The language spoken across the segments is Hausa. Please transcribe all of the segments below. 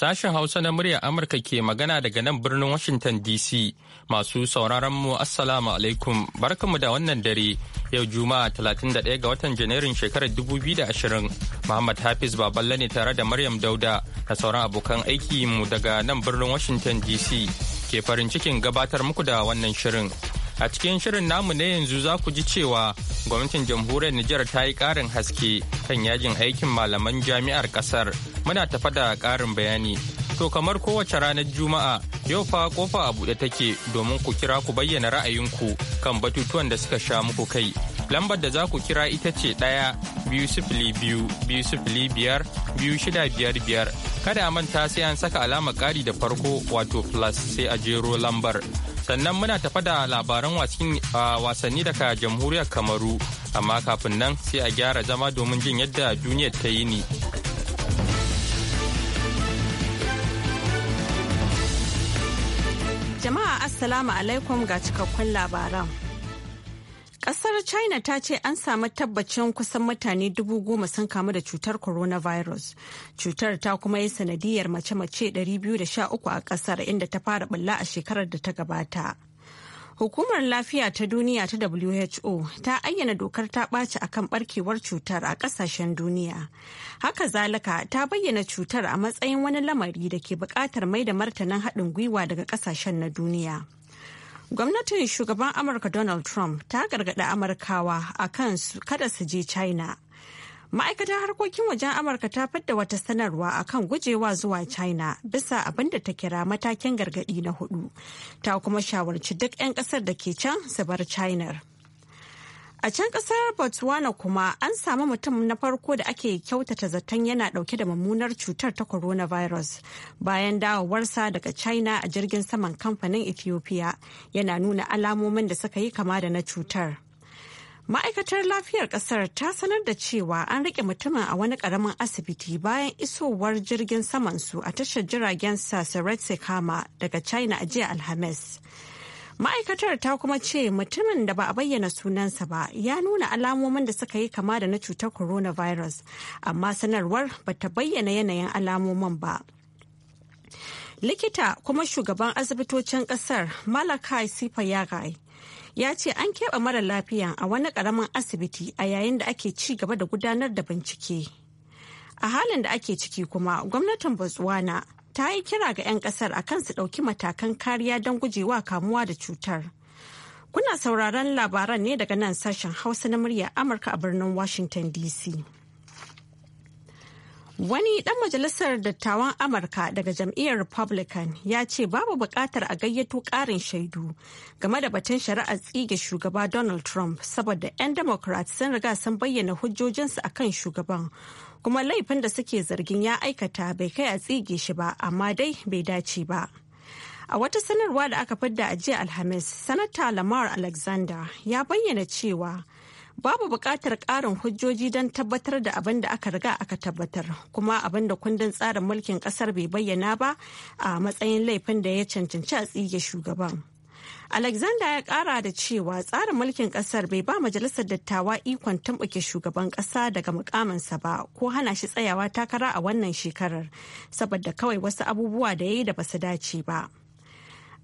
Sashen Hausa na murya Amurka ke magana daga nan birnin Washington DC. Masu sauraron mu Assalamu alaikum. Barkanmu da wannan dare. Yau Juma'a 31 ga watan Janairun shekarar 2020. Muhammad Hafiz Baballe ne tare da Maryam Dauda da sauran abokan aiki mu daga nan birnin Washington DC. Ke farin cikin gabatar muku da wannan shirin. A cikin shirin namu na yanzu za ku ji cewa gwamnatin jamhuriyar Nijar ta yi ƙarin haske kan yajin aikin malaman jami'ar ƙasar. Muna tafa da ƙarin bayani. To kamar kowace ranar Juma'a yau fa kofa a buɗe take domin ku kira ku bayyana ra'ayinku kan batutuwan da suka sha muku kai. Lambar da za ku kira ita ce ɗaya biyu sifili biyu biyu sifili biyar biyu shida biyar biyar. Kada a manta sai an saka alamar ƙari da farko wato plus sai a jero lambar. sannan muna tafa da labaran wasanni daga jamhuriyar kamaru amma kafin nan sai a gyara zama domin jin yadda duniyar ta yi ni jama'a assalamu alaikum ga cikakkun labaran Ƙasar China ta ce an samu tabbacin kusan mutane dubu goma sun kamu da cutar coronavirus. Cutar ta kuma yi sanadiyar mace-mace 213 a ƙasar, inda ta fara bulla a shekarar da ta gabata. Hukumar lafiya ta duniya ta WHO ta ayyana dokar ta ɓaci kan ɓarkewar cutar a ƙasashen duniya. Haka zalika ta bayyana cutar a matsayin wani lamari da ke buƙatar mai da martanin haɗin gwiwa daga ƙasashen na duniya. Gwamnatin shugaban Amurka Donald Trump ta gargaɗi Amurkawa a kan kada su je China. Ma'aikatar harkokin wajen Amurka ta fadda wata sanarwa akan gujewa zuwa China bisa abin da ta kira matakin gargaɗi na hudu. Ta kuma shawarci duk 'yan ƙasar da ke can su bar China. A can kasar Botswana kuma an samu mutum na farko da ake kyautata zaton yana dauke da mummunar cutar ta coronavirus bayan dawowarsa daga China a jirgin saman kamfanin Ethiopia yana nuna alamomin da suka yi kama da na cutar. Ma'aikatar lafiyar kasar ta sanar da cewa an rike mutumin a wani karamin asibiti bayan isowar jirgin saman su a tashar jiragen Sasaretse Sekama daga China a jiya Alhamis. Ma'aikatar ta kuma ce mutumin da ba a bayyana sunansa ba ya nuna alamomin da suka yi kama da na cutar coronavirus, amma sanarwar ba ta bayyana yanayin alamomin ba. Likita kuma shugaban asibitocin kasar Malakai yagai ya ce an keɓe mara lafiya a wani ƙaramin asibiti a yayin da ake ci gaba da gudanar da bincike. a halin da ake ciki kuma gwamnatin botswana ta yi kira ga 'yan kasar a kan su ɗauki matakan kariya don gujewa kamuwa da cutar. Kuna sauraron labaran ne daga nan sashen Hausa na murya Amurka a birnin Washington DC. Wani ɗan majalisar dattawan Amurka daga jam'iyyar Republican ya ce babu buƙatar a gayyato ƙarin shaidu game da batun shari'ar tsige shugaba Donald Trump saboda 'yan Democrats sun riga sun bayyana hujjojinsu akan shugaban kuma laifin da suke zargin ya aikata bai kai a tsige shi ba amma dai bai dace ba a wata sanarwa da aka fidda a jiya alhamis sanata lamar alexander ya bayyana cewa babu buƙatar ƙarin hujjoji don tabbatar da abin da aka riga aka tabbatar kuma abin da kundin tsarin mulkin ƙasar bai bayyana ba a matsayin laifin da ya cancanci a tsige shugaban Alexander ya kara da cewa tsarin mulkin kasar bai ba majalisar dattawa ikon tambake shugaban kasa daga mukaminsa ba ko hana shi tsayawa takara a wannan shekarar saboda kawai wasu abubuwa da ya yi da basu dace ba.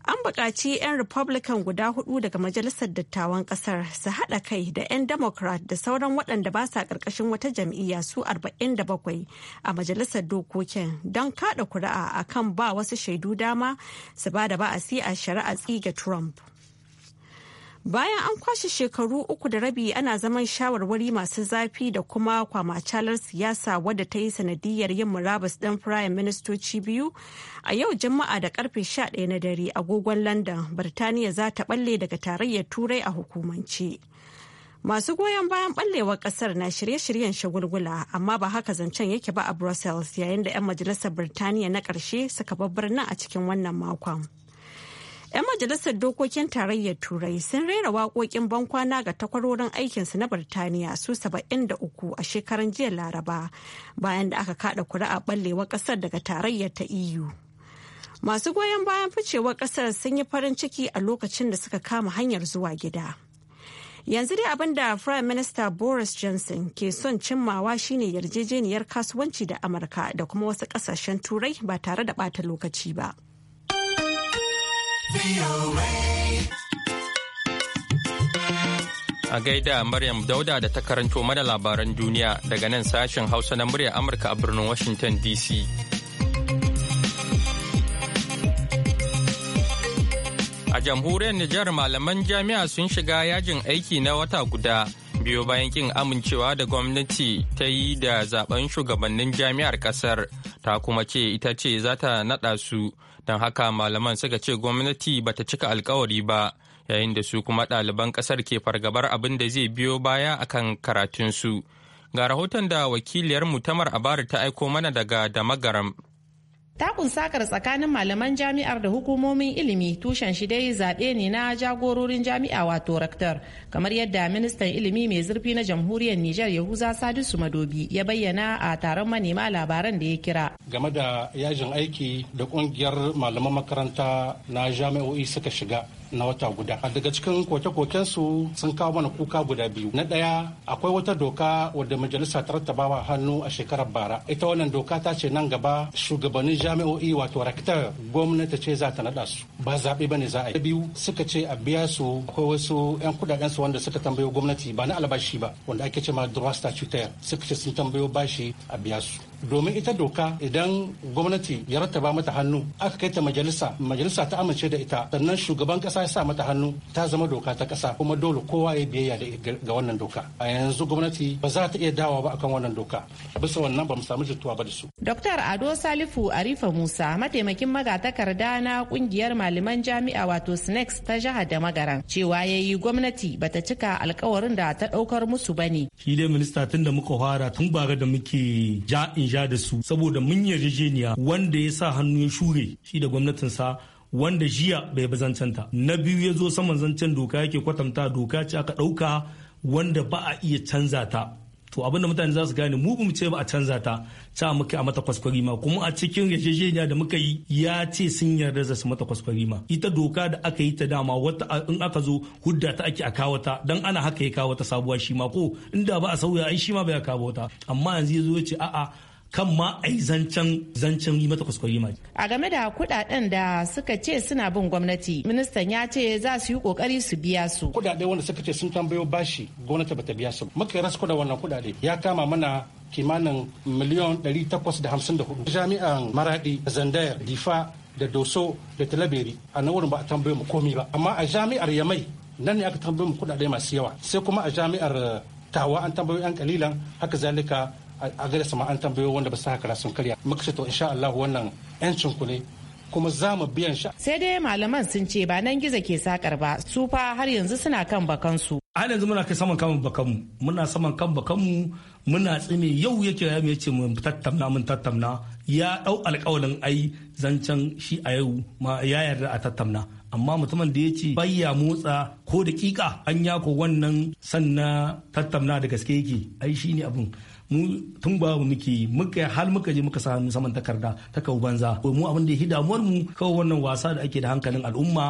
An buƙaci 'yan Republican guda hudu daga Majalisar Dattawan ƙasar su haɗa kai da 'yan Democrat da sauran waɗanda ba sa ƙarƙashin wata jam'iyya su 47 a Majalisar Dokokin don kaɗa kuri'a akan ba wasu shaidu dama su ba da ba'asi a shari'a tsiga Trump. Bayan an kwashe shekaru uku da rabi ana zaman shawarwari masu zafi da kuma kwamacalar siyasa wadda ta yi sanadiyar yin murabus ɗin firayim ministoci biyu, a yau Juma'a da karfe 11 na dare agogon London, Birtaniya za ta balle daga tarayyar Turai a hukumance. Masu goyon bayan ɓallewar ƙasar na shirye-shiryen shagulgula, amma ba haka zancen yake ba a Brussels yayin da 'yan majalisar Birtaniya na ƙarshe suka babbar nan a cikin wannan makon. majalisar dokokin tarayyar turai sun rera waƙoƙin bankwana ga takwarorin aikinsu na birtaniya su 73 a shekaran jiya laraba bayan da aka kada kuri'a ɓallewa ƙasar daga tarayyar ta eu masu goyon bayan ficewar ƙasar sun yi farin ciki a lokacin da suka kama hanyar zuwa gida yanzu dai abin da prime minister boris johnson ke son cimmawa shine yarjejeniyar kasuwanci da amurka da kuma wasu ƙasashen turai ba tare da ɓata lokaci ba A gaida Maryam Dauda da ta karanto mana labaran duniya daga nan sashen Hausa na murya Amurka a birnin Washington DC. A jamhuriyar Nijar malaman jami'a sun shiga yajin aiki na wata guda. biyo bayan kin amincewa da gwamnati ta yi da zaben shugabannin jami'ar kasar ta kuma ce ita ce za ta naɗa su don haka malaman suka ce gwamnati ba ta cika alkawari ba yayin da su kuma ɗaliban ƙasar ke fargabar abin da zai biyo baya akan karatunsu ga rahoton da wakiliyar mutamar abari ta aiko mana daga damagaram Takun sakar tsakanin malaman jami'ar da hukumomin ilimi tushen shi dai zaɓe ne na jagororin jami'a wato rektor kamar yadda ministan ilimi mai zurfi na jamhuriyar Nijar Yahuza Sadisu Madobi ya bayyana a taron manema labaran da ya kira. Game da yajin aiki da ƙungiyar malaman makaranta na jami'o'i suka shiga na wata guda a daga cikin koke su. sun kawo mana kuka guda biyu na ɗaya akwai wata doka wadda majalisa ta rattabawa hannu a shekarar bara ita wannan doka ta ce nan gaba shugabannin jami'o'i wato rektar gwamnati ce za ta naɗa su ba zaɓe ba ne za a yi biyu suka ce a biya su akwai wasu 'yan kudaden su wanda suka tambayo gwamnati ba na albashi ba wanda ake ce ma droit statutaire suka ce sun tambayo bashi a biya su domin ita doka idan gwamnati ya rattaba mata hannu aka kai ta majalisa majalisa ta amince da ita sannan shugaban ƙasa kasa ya sa mata hannu ta zama doka ta kasa kuma dole kowa ya biyayya ga wannan doka a yanzu gwamnati ba za ta iya dawa ba akan wannan doka bisa wannan ba mu samu jituwa ba da su Dr. Ado Salifu Arifa Musa mataimakin magatakarda na kungiyar malaman jami'a wato SNEX ta jihar da magaran cewa ya yi gwamnati ba ta cika alkawarin da ta ɗaukar musu ne. shi dai minista tun da muka fara tun bara da muke ja in ja da su saboda mun yarjejeniya wanda ya sa hannu ya shure shi da gwamnatin sa wanda jiya bai bi zancenta na biyu ya zo saman zancen doka yake kwatanta doka ce aka ɗauka wanda ba a iya canza ta to abin da mutane za su gane mu bamu ce ba a canza ta ta muke a mata kwaskwari ma kuma a cikin yajejeniya da muka yi ya ce sun yarda da su mata kwaskwari ma ita doka da aka yi ta dama wata in aka zo hudda ta ake a kawo dan ana haka ya kawo ta sabuwa shi ma ko inda ba a sauya ai shi ma bai kawo ta amma yanzu ya zo ya ce a'a kan ma a yi zancen zancen yi mata kuskure ma. A game da kudaden da suka ce suna bin gwamnati, ministan ya ce za su yi kokari su biya su. Kudade wanda suka ce sun tambayo bashi gwamnati bata biya su. Muka rasu da wannan kudade ya kama mana kimanin miliyan 854. Jami'an Maradi, Zandayar, Difa, da Doso, da Talabiri, a nan wurin ba a tambaye mu komi ba. Amma a jami'ar Yamai, nan ne aka tambaye mu kudade masu yawa. Sai kuma a jami'ar Tawa an tambayo 'yan kalilan, haka zalika a gare sama an tambayo wanda ba su haka sun karya muka ce to insha Allah wannan yancin ku ne kuma za mu biyan sha. Sai dai malaman sun ce ba nan gizo ke sakar ba su fa har yanzu suna kan bakan su. har yanzu muna kai saman kan bakanmu muna saman kan bakan mu muna tsine yau yake ya mu yace mun tattamna mun tattamna ya dau alƙawalin ai zancen shi a yau ma ya yarda a tattamna. amma mutumin da ya ce bayya motsa ko da kika an yako wannan sannan tattauna da gaske yake ai ne abun mu tun ba muke muka har muka je muka samu saman takarda ta kau banza Ko mu abin da ya damuwar mu kawai wannan wasa da ake da hankalin al'umma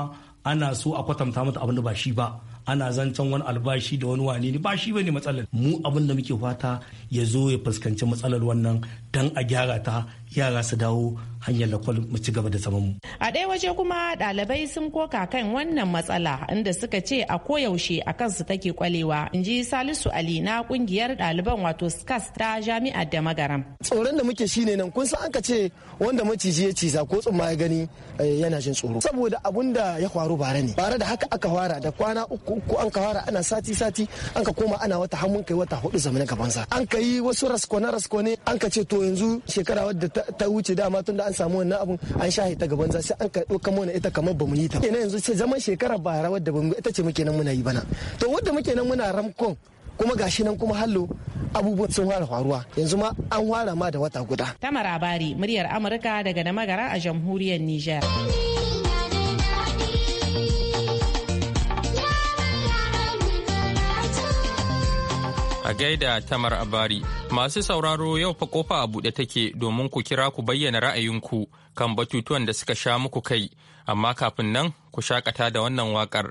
ana so a kwatanta mata abin da ba shi ba ana zancen wani albashi da wani wane ne ba shi ba ne matsalar mu abin da muke fata ya zo ya fuskanci matsalar wannan dan a gyara ta yara su dawo hanyar lakwal mu ci gaba da zaman mu. A ɗaya waje kuma ɗalibai sun koka kan wannan matsala inda suka ce a koyaushe a kansu take kwalewa in ji Salisu Ali na kungiyar ɗaliban wato SCAS ta jami'ar da magaram. Tsoron da muke shine nan kun san anka ce wanda maciji ya ciza ko tsumma ya gani eh, yana jin tsoro. Saboda abun da ya faru bara ne. Bara da haka aka fara da kwana uku ko an ka fara ana sati sati an ka koma ana wata hamun kai wata hudu zamanin gabansa. An ka yi wasu raskone raskone an ka ce to yanzu shekara wadda ta ta wuce dama da an samu wannan abun an sha ta gaban za sai an ka ɗauka mana ita kamar bamu yi ta ina yanzu zaman shekara rawar wadda bamu ita ce muke nan muna yi bana to wadda muke nan muna ramkon kuma gashi nan kuma hallo abubuwan sun fara faruwa yanzu ma an fara ma da wata guda tamara bari muryar amurka daga namagara magara a jamhuriyar niger A gaida Tamar Abari, masu sauraro yau fa kofa a buɗe take domin ku kira ku bayyana ra'ayinku kan batutuwan da suka sha muku kai, amma kafin nan ku shakata da wannan waƙar.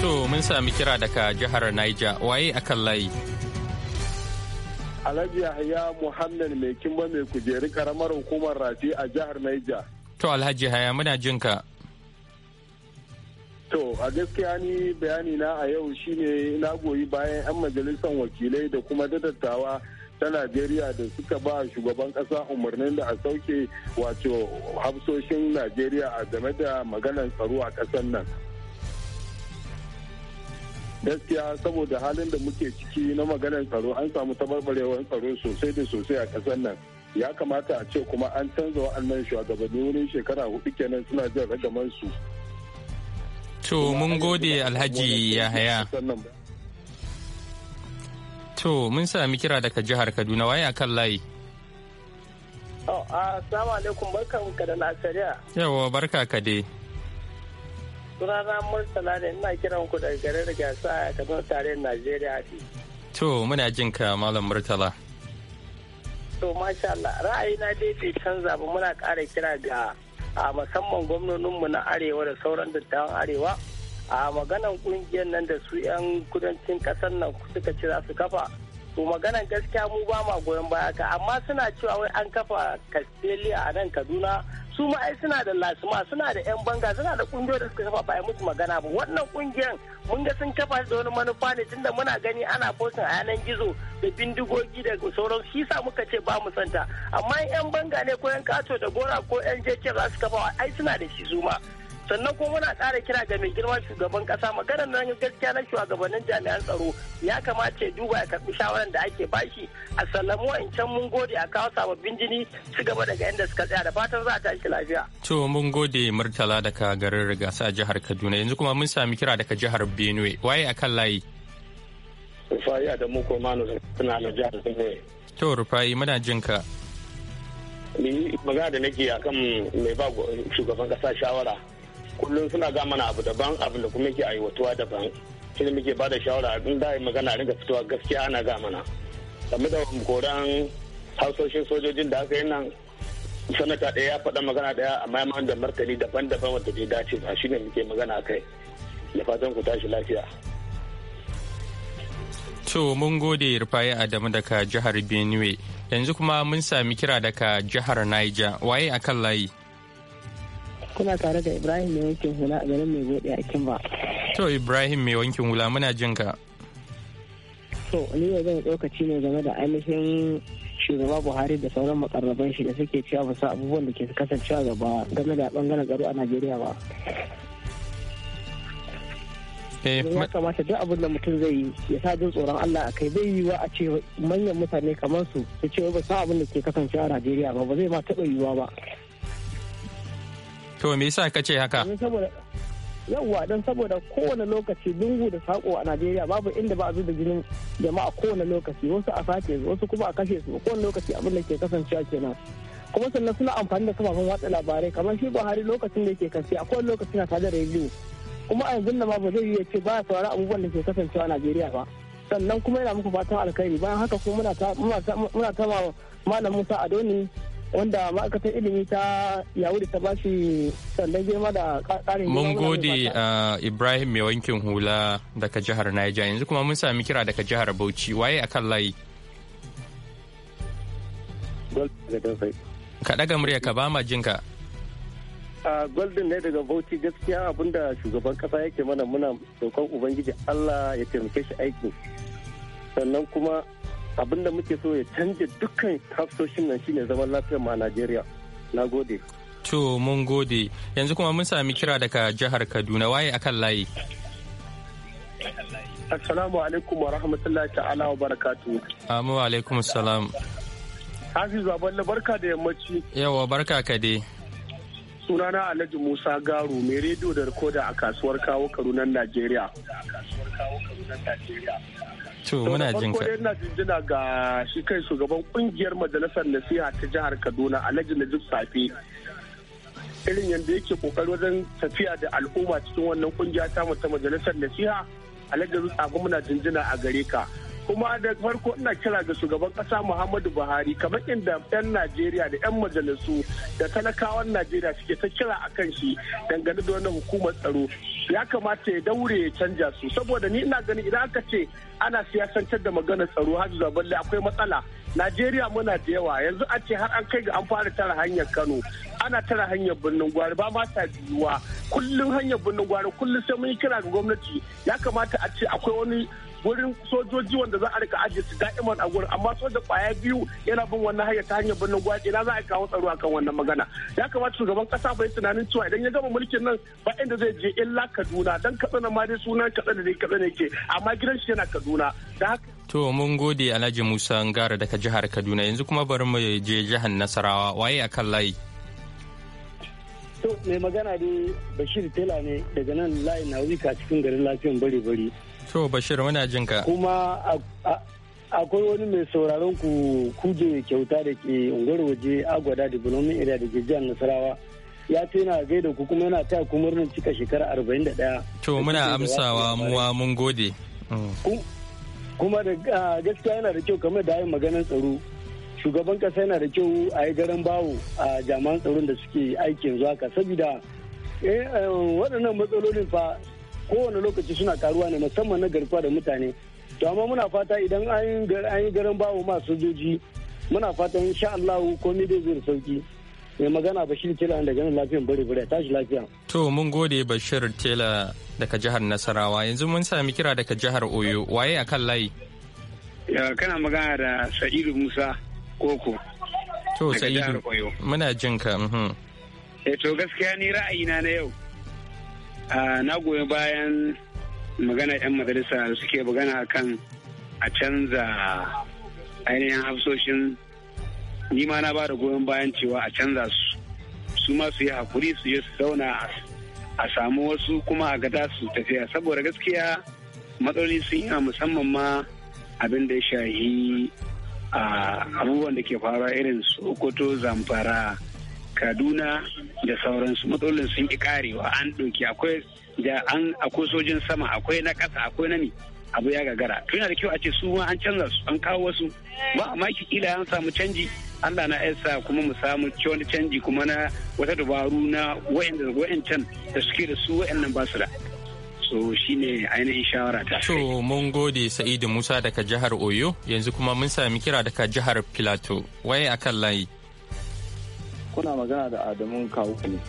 To mun sami kira daga jihar Niger waye akan layi. Alhaji Yahya Muhammad mai kimba mai kujeri karamar hukumar rafi a jihar Niger. To Alhaji Yahya muna jin ka. To a gaskiya ni bayani na a yau shine na goyi bayan 'yan majalisar wakilai da kuma dadattawa ta Najeriya da suka ba shugaban kasa umarnin da a sauke wato hafsoshin Najeriya a game da maganar tsaro a ƙasar nan. gaskiya saboda halin da muke ciki na maganar tsaro an samu tabarbarewar tsaro sosai da sosai a ƙasar nan ya kamata a ce kuma an canza wa'annan shugabanni wurin shekara hudu kenan suna jin ragaman su. To mun gode Alhaji Yahaya. To mun sami kira daga jihar Kaduna waye a kan layi. Oh, ah, assalamu alaikum barkan ka da Najeriya. Yawa barka ka dai. sunana murtala ne ina kiran ku daga garin da gasa a kasar tarayyar najeriya to muna jin ka malam murtala to masha Allah na dai bai canza ba muna kara kira ga a musamman mu na arewa da sauran dattawan arewa a maganan kungiyar nan da su 'yan kudancin ƙasar nan suka ci za su kafa to maganan gaskiya mu ba ma goyon baya ka amma suna cewa wai an kafa castelia a nan kaduna su ma ai suna da lasima suna da yan banga suna da kungiyoyi da suka kafa ba musu magana ba wannan kungiyan mun ga sun kafa da wani manufa ne tunda muna gani ana fosin a yanan gizo da bindigogi da sauran shi sa muka ce ba mu santa amma yan banga ne ko yan kato da gora ko yan jeke za su kafa ai suna da shi su ma sannan kuma muna ƙara kira ga mai girma shugaban kasa maganar nan gaskiya na shugabannin jami'an tsaro ya kamata ya duba ya karɓi shawaran da ake bashi a sallamu in can mun gode a kawo sababbin jini su gaba daga inda suka tsaya da fatan za a tashi lafiya. to mun gode murtala daga garin rigasa a jihar kaduna yanzu kuma mun sami kira daga jihar benue waye a kan layi. rufayi adamu ko manu suna na jihar benue. to rufayi muna jin ka. ni magana da nake akan mai ba shugaban kasa shawara kullum suna ga mana abu daban abu da kuma yake aiwatuwa daban shi ne muke bada shawara in da yi magana ringa fitowa gaskiya ana ga mana game da koran hausoshin sojojin da aka yi nan sanata ɗaya ya faɗa magana ɗaya a maimakon da martani daban-daban wanda bai dace ba shi ne muke magana kai da fatan ku tashi lafiya. To mun gode Rufai Adamu daga jihar Benue yanzu kuma mun sami kira daga jihar Niger waye akan layi. kuna tare da ibrahim mai wankin hula a garin mai bude a kimba to ibrahim mai wankin hula muna jin ka to ni yau zan tsokaci ne game da ainihin shugaba buhari da sauran makarraban shi da suke cewa ba su abubuwan da ke kasancewa gaba game da bangaren tsaro a najeriya ba eh, ya kamata duk abin da mutum zai yi ya sa jin tsoron Allah a kai zai yi wa a ce manyan mutane kamar su su ce ba sa abin da ke kasancewa a Najeriya ba ba zai ma taɓa yiwuwa ba To me yasa ka ce haka? yawwa don saboda kowane lokaci lungu da sako a najeriya babu inda ba a zuba jinin jama'a kowane lokaci wasu a sace wasu kuma a kashe su kowane lokaci abin da ke kasancewa kenan kuma sannan suna amfani da kafafen watsa labarai kamar shi buhari lokacin da yake kasi a kowane lokaci na tare da rediyo kuma a yanzu ma ba zai yi ya ce ba ya saurari abubuwan da ke kasancewa a najeriya ba sannan kuma yana muku fatan alkhairi bayan haka kuma muna ta muna ta ma malam musa adoni wanda ma'aikatar ilimi ta yawu da ta ba shi sannan girma da karin Mun gode uh, Ibrahim mai wankin hula daga jihar Niger yanzu kuma mun sami kira daga jihar Bauchi waye a kan layi. Ka daga murya ka ba ma jinka. a golden ne daga bauchi gaskiya abinda shugaban kasa yake mana muna roƙon ubangiji allah ya taimake shi aiki sannan kuma abin da muke so ya canje dukkan hafsoshin nan shine zaman lafiyar ma Najeriya. Na gode. To mun gode. Yanzu kuma mun sami kira daga jihar Kaduna waye akan layi. Assalamu alaikum wa rahmatullahi ta'ala wa barakatuhu. Amu ah, alaikum salam. Hafizu Aballe barka da yammaci. Yawa barka ka dai. sunana Alhaji Musa Garu mai rediyo da rikoda a kasuwar kawo Kaduna Najeriya. To muna jin ka. ina jinjina ga shi kai shugaban kungiyar majalisar nasiha ta jihar Kaduna Alhaji Najib Safi. Irin yadda yake kokari wajen tafiya da al'umma cikin wannan kungiya ta mu ta majalisar nasiha Alhaji Najib Safi muna jinjina a gare ka. kuma da farko ina kira ga shugaban kasa muhammadu buhari kamar inda 'yan najeriya da 'yan majalisu da talakawan najeriya suke ta kira a kan shi dangane da wannan hukumar tsaro ya kamata ya daure ya canja su saboda ni ina gani idan aka ce ana siyasantar da maganar tsaro har zaballe akwai matsala najeriya muna da yawa yanzu a ce har an kai ga an fara tara hanyar kano ana tara hanyar birnin gwari ba ma ta biyuwa kullum hanyar birnin gwari kullum sai mun kira ga gwamnati ya kamata a ce akwai wani wurin sojoji wanda za a rika ajiye su da'iman a gurin amma soja kwaya biyu yana bin wannan hanyar ta hanyar birnin gwaji ina za a kawo tsaro akan wannan magana ya kamata shugaban kasa bai tunanin cewa idan ya gama mulkin nan ba inda zai je illa Kaduna dan katsina ma dai sunan katsina ne katsina ke amma gidan shi yana Kaduna da haka To mun gode Alhaji Musa Ngara daga jihar Kaduna yanzu kuma bari mu je jihar Nasarawa waye akan layi To mai magana dai Bashir Tela ne daga nan layi na wika cikin garin lafiyan bari bari To Bashir muna jin ka. Kuma akwai wani mai sauraron ku kuje kyauta da ke unguwar waje agwada bulomin area da ke jihar Nasarawa. ya ce yana gaida ku kuma yana taya ku murnar cika shekara ɗaya. To muna amsawa muwa mun gode. Kuma da gaskiya yana da kyau kamar da yi maganar tsaro. Shugaban kasa yana da kyau a yi garan bawo a jami'an tsaron da suke aikin zuwa ka saboda eh, eh, waɗannan matsalolin fa kowane lokaci suna karuwa ne musamman na garkuwa da mutane to amma muna fata idan an yi garin bawo ma sojoji muna fatan sha Allah komai zai zo da sauki mai magana Bashir Tela da ganin lafiyan bare bare tashi lafiya to mun gode Bashir Tela daga jihar Nasarawa yanzu mun sami kira daga jihar Oyo waye akan layi kana magana da Sa'idu Musa Koko to Sa'idu muna jin ka mhm. eh to gaskiya ni ra'ayina na yau na goyi bayan magana 'yan majalisa suke magana kan a canza ainihin hafsoshin ni ma na ba da goyon bayan cewa a canza su su ma su yi hakuri su yi su zauna a samu wasu kuma a gada su tafiya saboda gaskiya matsaloli sun yi a musamman ma abin da ya shahi abubuwan da ke faruwa irin su okoto zamfara kaduna da sauransu matsalolin sun ki karewa an ɗauki akwai da an akwai sojin sama akwai na ƙasa akwai na ne abu ya gagara to yana da kyau a ce su ma an canza su an kawo wasu ba amma kila an samu canji Allah na sa kuma mu samu wani canji kuma na wata dabaru na wa'ancan da suke da su wa'annan ba su da so shine ainihin shawara ta to mun gode sa'idu musa daga jihar oyo yanzu kuma mun sami kira daga jihar filato waye akan layi kuna magana da Adamu kawo ne.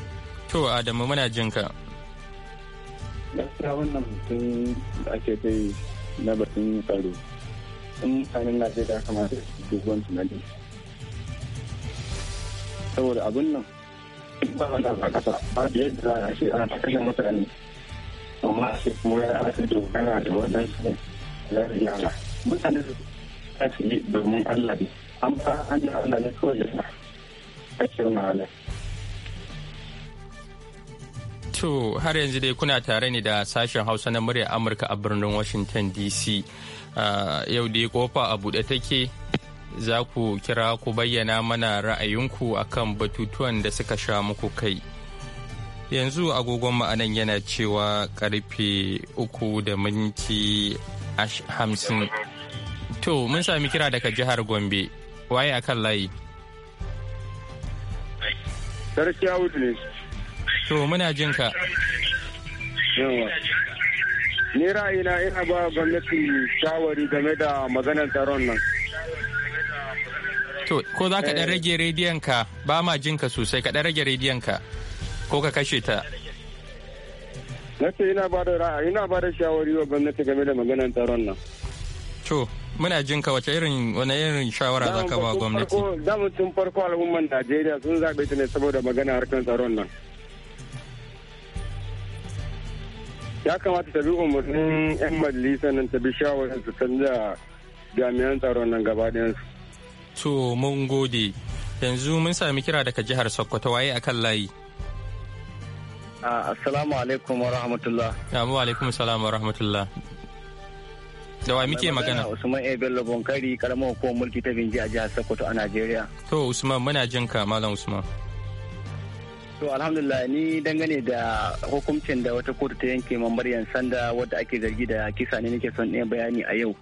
To Adamu muna jin ka. Gaskiya wannan mutum da ake kai na batun tsaro. In mutanen Najeriya kamata su dogon tunani. Saboda abin nan ba wanda ba kasa ba da yadda za a ce ana ta kashe mutane. Amma a ce kuma ya ake dogara da wannan su ne. ya Mutane su ta ce domin Allah ne. An fara an yi Allah ne kawai ya sa. To har yanzu dai kuna tare ne da sashen Hausa na murya Amurka a birnin Washington DC. Ah, yau dai kofa a buɗe take za ku kira ku bayyana mana ra'ayinku akan batutuwan da suka sha muku kai. Yanzu agogon ma'anan yana cewa karfe uku da minti hamsin. To mun sami kira daga jihar Gombe. Waye akan layi? Sarki Audu ne. To muna jin ka. Yawa. Ni ra'ayina ina ba gwamnati shawari game da maganar tsaron nan. To ko za ka ɗan eh. rage rediyon ka ba ma jin ka sosai ka ɗan rage rediyon ka ko ka kashe ta. Na ce ina ba da ra'ayi ina ba da shawari wa gwamnati game da maganar tsaron nan. To muna jin ka wace irin wani irin shawara za ka ba gwamnati damu tun farko al'umman najeriya sun zaɓe ta ne saboda magana harkar tsaron nan ya kamata ta bi umarnin yan majalisa nan ta bi shawarar su canza jami'an tsaron nan gaba su. to mun gode yanzu mun sami kira daga jihar sokoto waye akan layi ah, assalamu alaikum wa rahmatullah ah, wa alaikum wa rahmatullah Da wa muke magana? Usman A. Bello Bonkari, karamar hukumar mulki ta Binji a jihar Sokoto a Najeriya. To Usman muna jin ka Malam Usman. To alhamdulillah ni dangane da hukuncin da wata kotu ta yanke mamaryan sanda wadda ake zargi da kisa ne nake son ɗaya bayani a yau.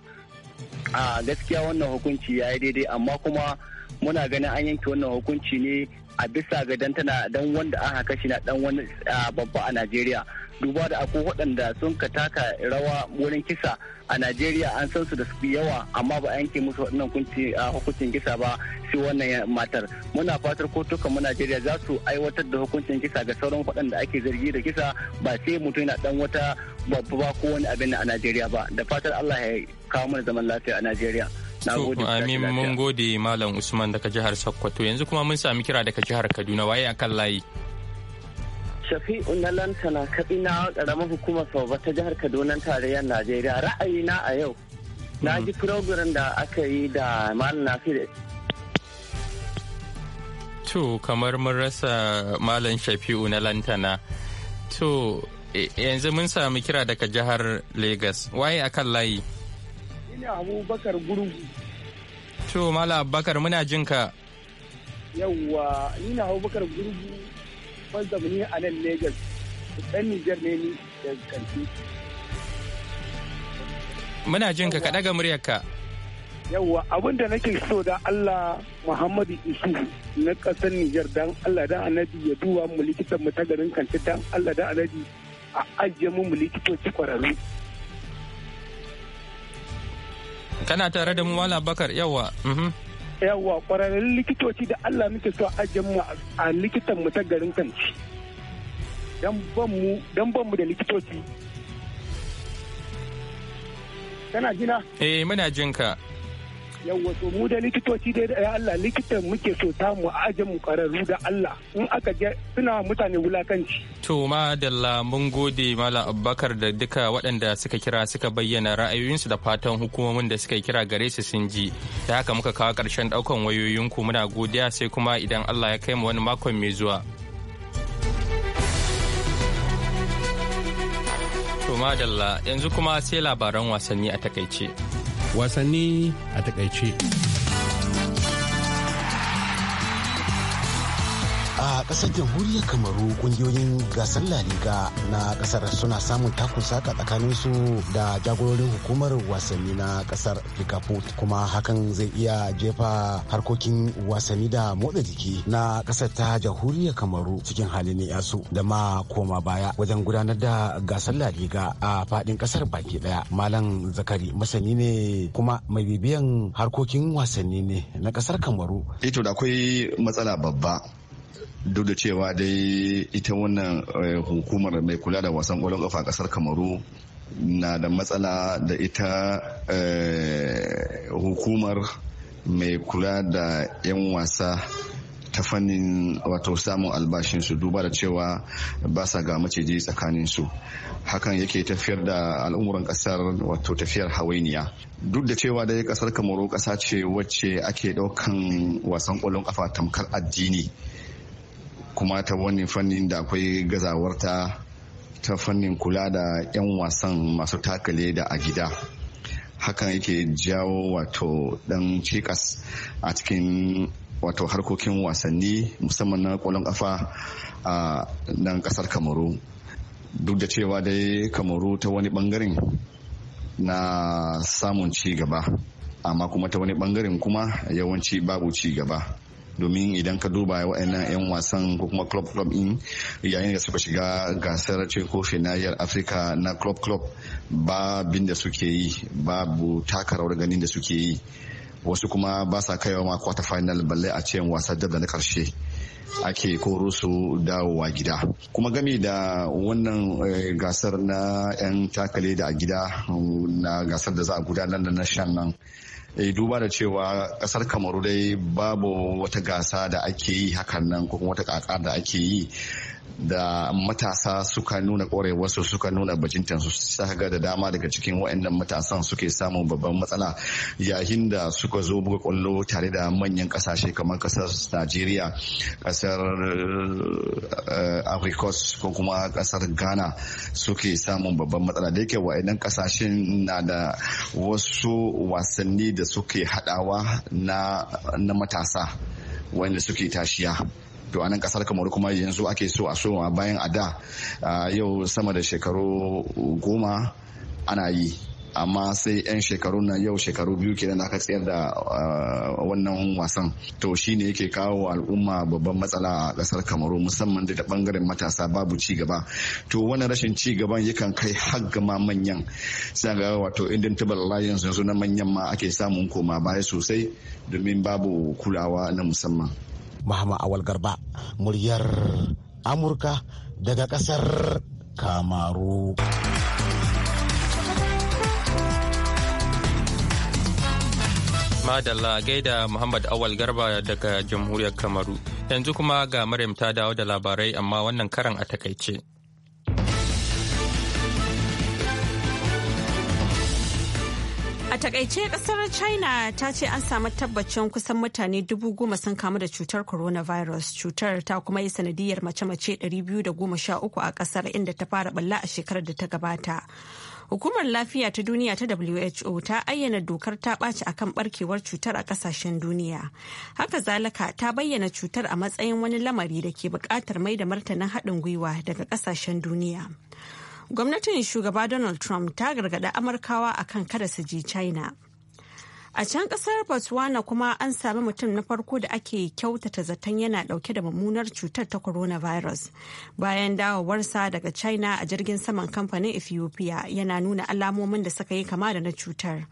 A gaskiya wannan hukunci ya yi daidai amma kuma muna ganin an yanke wannan hukunci ne a bisa ga dan tana dan wanda aka kashe na dan wani babba a Najeriya. duba da akwai waɗanda sun ka taka rawa wurin kisa a najeriya an san su da su yawa amma ba a yanke musu waɗannan hukuncin kisa ba shi wannan matar muna fatar kotukan mu najeriya za su aiwatar da hukuncin kisa ga sauran waɗanda ake zargi da kisa ba sai mutum yana dan wata babba ko wani abin a najeriya ba da fatar allah ya kawo mana zaman lafiya a najeriya amin mun gode malam usman daga jihar sokoto yanzu kuma mun sami kira daga jihar kaduna waye akan layi Shafi'u na lantana na karamar hukumar Sauba ta jihar Kaduna tarayyar Najeriya ra'ayina a yau. Mhm. Na ji program da aka yi da Malam Nafi To kamar mun rasa Malam Shafi'u na lantana. To e, yanzu mun sami kira daga jihar Legas. Waye akan layi? Ina Abubakar Gurgu. To Malam Abubakar muna jinka. Yauwa ina Abubakar Gurgu babban zamani a nan Legas. Dan Nijar ne ni da kanti. Muna jin ka kaɗa ga muryarka. Yawwa abin da nake so da Allah Muhammadu Isu na ƙasar Nijar dan Allah dan Annabi ya duwa mu likitan mu ta garin kanti dan Allah dan Annabi a ajiye mu likitoci kwararru. Kana tare da mu Wala Bakar yawa. Mhm. yawa kwararrun likitoci da Allah muke so ajin mu a likitan mu ta garin kanci dan ban mu da likitoci kana jina eh muna jinka yawa to mu da likitoci dai ya Allah likitan muke so ta mu aje mu kwararru da Allah in aka je suna mutane wulakanci to madalla mun gode mala Abubakar da duka waɗanda suka kira suka bayyana ra'ayoyinsu da fatan hukumomin da suka kira gare su sun ji da haka muka kawo ƙarshen ɗaukan wayoyinku muna godiya sai kuma idan Allah ya kai mu wani makon mai zuwa To madalla yanzu kuma sai labaran wasanni a takaice. wasanni a takaice. a kasar jamhuriyar kamaru kungiyoyin gasar laliga na kasar suna samun takun saka tsakanin su da jagororin hukumar wasanni na kasar fikafut kuma hakan zai iya jefa harkokin wasanni da motsa jiki na kasar ta jamhuriyar kamaru cikin halin ne yasu da ma koma baya wajen gudanar da gasar laliga a fadin kasar baki daya malam zakari masani ne kuma mai bibiyan harkokin wasanni ne na kasar kamaru. Ito eh da akwai matsala babba duk da cewa dai ita wannan eh, hukumar mai kula da wasan kwallon kafa kasar kamaru na da matsala da ita eh, hukumar mai kula da 'yan wasa ta fannin wato samun albashinsu duba da cewa ba sa ga maciji tsakaninsu hakan yake tafiyar da al'umuran kasar wato tafiyar hawainiya duk da cewa dai kasar kamaru kasa ce wacce ake daukan wasan kwallon kafa tamkar addini kuma ta wani fannin da akwai gazawarta ta fannin kula da 'yan wasan masu takale da a gida hakan yake jawo wato dan cikas a cikin wato harkokin wasanni musamman na kwallon kafa a nan kasar kamaru duk da cewa dai kamaru ta wani bangaren na samun ci gaba amma kuma ta wani bangaren kuma yawanci babu ci gaba domin idan ka duba wa'annan 'yan wasan ko kuma club club in yayin da suka shiga gasar ce ko finayar afirka na club club bin da suke yi babu taka rawar ganin da suke yi wasu kuma ba sa kaiwa ma quarter final balle a ce wasa da na karshe ake koro su dawowa gida kuma gami da wannan eh, gasar na 'yan takale da a gida na gasar da za a gudanar da na shan nan Eh, duba da cewa kasar kamaru dai babu wata gasa da ake yi hakan nan ko kuma wata kakar da ake yi da matasa suka nuna ƙwarewarsu suka nuna bajintansu saka ga da dama daga cikin waɗannan matasan suke samun babban matsala yayin da suka zo buga ƙwallo tare da manyan ƙasashe kamar ƙasar najeriya ƙasar africos eh, ko kuma ƙasar ghana suke samun babban matsala da yake waɗannan ƙasashen na da wasu wasanni da suke hadawa na matasa wanda suke tashiya to anan kasar kamaru kuma yanzu ake so a soma bayan a da yau sama da shekaru goma ana yi amma sai 'yan shekarun nan yau shekaru biyu ke nan aka tsayar da wannan wasan to shine yake kawo al'umma babban matsala a kasar kamaru musamman da bangaren matasa babu ci gaba to wannan rashin ci gaban yakan kai har ga ma manyan sai ga wato indentable alliance yanzu na manyan ma ake samun koma baya sosai domin babu kulawa na musamman Mahama Awal Garba muryar Amurka daga kasar Kamaru. Madalla gaida Muhammad Awal Garba daga Jamhuriyar Kamaru. Yanzu kuma ga Maryam ta dawo da labarai amma wannan karan a takaice. A takaice kasar China ta ce an samu tabbacin kusan mutane dubu goma sun kamu da cutar coronavirus. Cutar ta kuma yi sanadiyar mace-mace 213 a kasar inda ta fara balla a shekarar da ta gabata. Hukumar lafiya ta duniya ta WHO ta ayyana dokar ta ɓaci a kan ɓarkewar cutar a ƙasashen duniya. Haka zalika ta bayyana cutar a matsayin wani lamari da ke buƙatar mai da martanin haɗin gwiwa daga ƙasashen duniya. Gwamnatin shugaba Donald Trump ta gargaɗi Amurkawa akan kada su ji China. A can kasar Botswana kuma an sami mutum na farko da ake kyautata zaton yana dauke da mummunar cutar ta coronavirus. Bayan dawowarsa daga China a jirgin saman kamfanin Ethiopia yana nuna alamomin da suka yi kama da na cutar.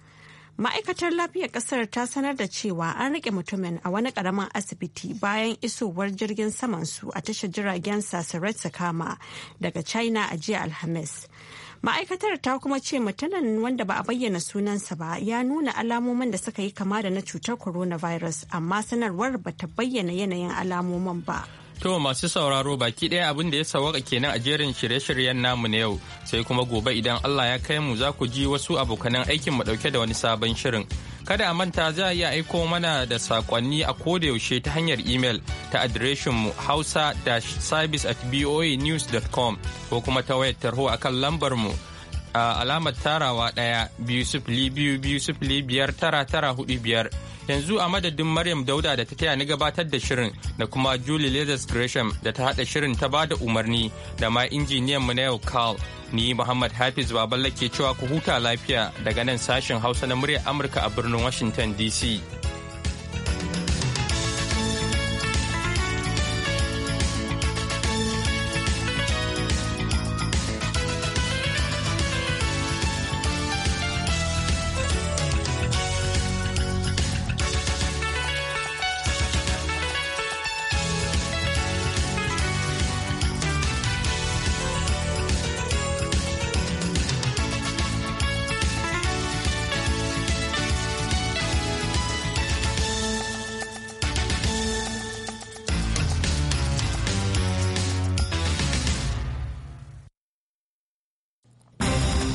ma'aikatar lafiyar kasar ta sanar da cewa an rike mutumin a wani karamin asibiti bayan isowar jirgin saman su a tashar jiragen sasaret sakama daga china a jiya alhamis ma'aikatar ta kuma ce mutumin wanda ba a bayyana sunansa ba ya nuna alamomin da suka yi kama da na cutar coronavirus amma sanarwar ba ta bayyana yanayin alamomin ba To masu sauraro baki ɗaya abin da ya sawaka kenan a jerin shirye-shiryen namu na yau sai kuma gobe idan Allah ya kai mu za ku ji wasu abokanan aikin mu ɗauke da wani sabon shirin. Kada a manta za a iya aiko mana da sakonni a koda yaushe ta hanyar imel ta mu hausa-service at ko kuma ta wayar tarho akan lambar mu alamar tarawa ɗaya biyu sifili biyu biyu sifili biyar tara tara hudu biyar. yanzu a madadin maryam dauda da ta taya ni gabatar da shirin da kuma julie leathers gresham da ta haɗa shirin ta ba da umarni da ma injiniyan mu na yau carl ni muhammad hafiz baballe ke cewa ku huta lafiya daga nan sashen hausa na muryar amurka a birnin washington dc